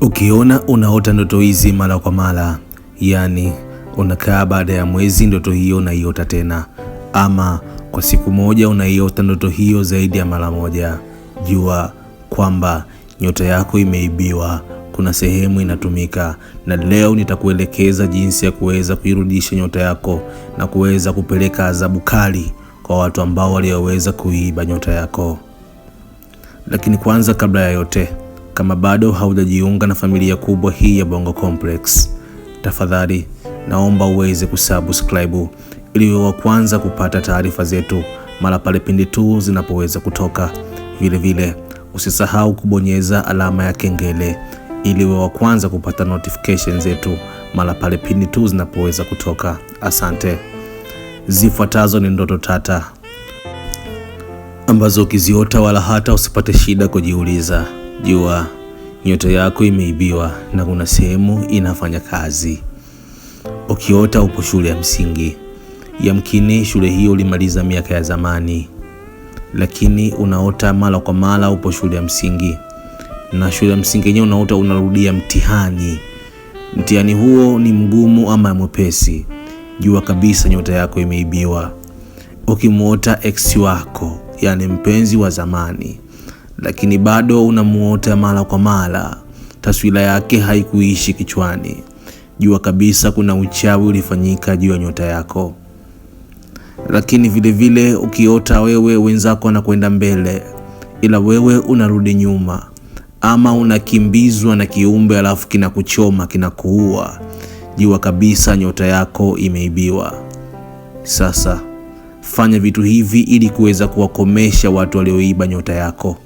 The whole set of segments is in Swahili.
Ukiona unaota ndoto hizi mara kwa mara, yani unakaa baada ya mwezi ndoto hiyo unaiota tena, ama kwa siku moja unaiota ndoto hiyo zaidi ya mara moja, jua kwamba nyota yako imeibiwa. Kuna sehemu inatumika, na leo nitakuelekeza jinsi ya kuweza kuirudisha nyota yako na kuweza kupeleka adhabu kali kwa watu ambao walioweza kuiba nyota yako. Lakini kwanza, kabla ya yote kama bado haujajiunga na familia kubwa hii ya Bongo Complex, tafadhali naomba uweze kusubscribe ili uwe wa kwanza kupata taarifa zetu mara pale pindi tu zinapoweza kutoka. Vilevile vile, usisahau kubonyeza alama ya kengele ili uwe wa kwanza kupata notification zetu mara pale pindi tu zinapoweza kutoka. Asante. Zifuatazo ni ndoto tata ambazo ukiziota wala hata usipate shida kujiuliza. Jua nyota yako imeibiwa na kuna sehemu inafanya kazi. Ukiota upo shule ya msingi, yamkini shule hiyo ulimaliza miaka ya zamani, lakini unaota mara kwa mara upo shule ya msingi, na shule ya msingi yenyewe unaota unarudia mtihani. Mtihani huo ni mgumu ama mwepesi, jua kabisa nyota yako imeibiwa. Ukimwota ex wako yani mpenzi wa zamani, lakini bado unamuota mara kwa mara. Taswira yake haikuishi kichwani. Jua kabisa kuna uchawi ulifanyika juu ya nyota yako. Lakini vilevile vile, ukiota wewe wenzako wanakwenda mbele, ila wewe unarudi nyuma, ama unakimbizwa na kiumbe alafu kinakuchoma kinakuua. Jua kabisa nyota yako imeibiwa sasa. Fanya vitu hivi ili kuweza kuwakomesha watu walioiba nyota yako.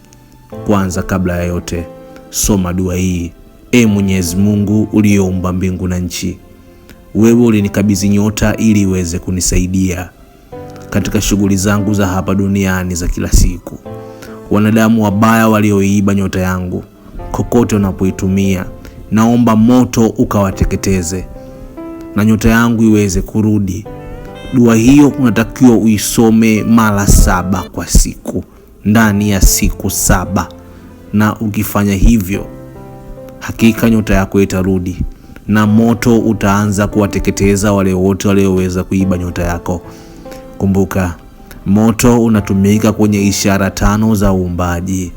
Kwanza, kabla ya yote, soma dua hii: E Mwenyezi Mungu uliyeumba mbingu na nchi, wewe ulinikabidhi nyota ili iweze kunisaidia katika shughuli zangu za hapa duniani za kila siku. Wanadamu wabaya walioiba nyota yangu, kokote unapoitumia naomba moto ukawateketeze na nyota yangu iweze kurudi Dua hiyo unatakiwa uisome mara saba kwa siku ndani ya siku saba, na ukifanya hivyo, hakika nyota yako itarudi na moto utaanza kuwateketeza wale wote walioweza kuiba nyota yako. Kumbuka, moto unatumika kwenye ishara tano za uumbaji,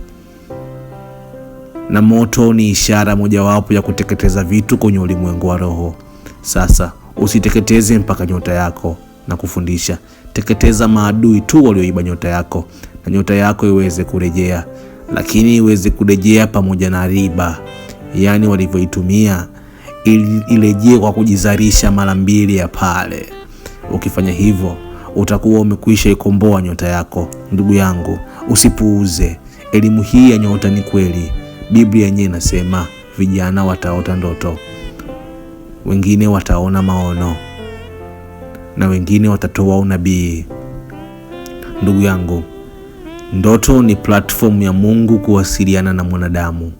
na moto ni ishara mojawapo ya kuteketeza vitu kwenye ulimwengu wa roho. Sasa usiteketeze mpaka nyota yako na kufundisha. Teketeza maadui tu walioiba nyota yako, na nyota yako iweze kurejea, lakini iweze kurejea pamoja na riba, yaani walivyoitumia irejee kwa kujizarisha mara mbili ya pale. Ukifanya hivyo utakuwa umekwisha ikomboa nyota yako. Ndugu yangu, usipuuze elimu hii ya nyota. Ni kweli Biblia yenyewe inasema vijana wataota ndoto, wengine wataona maono na wengine watatoa unabii. Ndugu yangu, ndoto ni platform ya Mungu kuwasiliana na mwanadamu.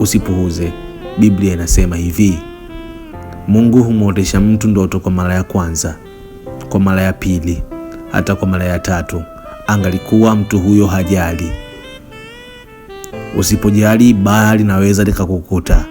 Usipuuze. Biblia inasema hivi, Mungu humwotesha mtu ndoto kwa mara ya kwanza, kwa mara ya pili, hata kwa mara ya tatu, angalikuwa mtu huyo hajali. Usipojali, baya linaweza likakukuta.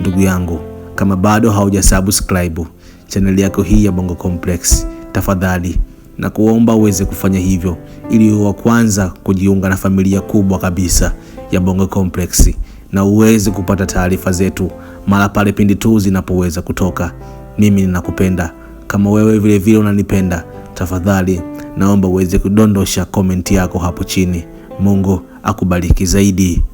Ndugu yangu, kama bado hauja subscribe chaneli yako hii ya Bongo Complex tafadhali na kuomba uweze kufanya hivyo ili wa kwanza kujiunga na familia kubwa kabisa ya Bongo Complex na uweze kupata taarifa zetu mara pale pindi tu zinapoweza kutoka. Mimi ninakupenda kama wewe vile vile unanipenda. Tafadhali naomba uweze kudondosha komenti yako hapo chini. Mungu akubariki zaidi.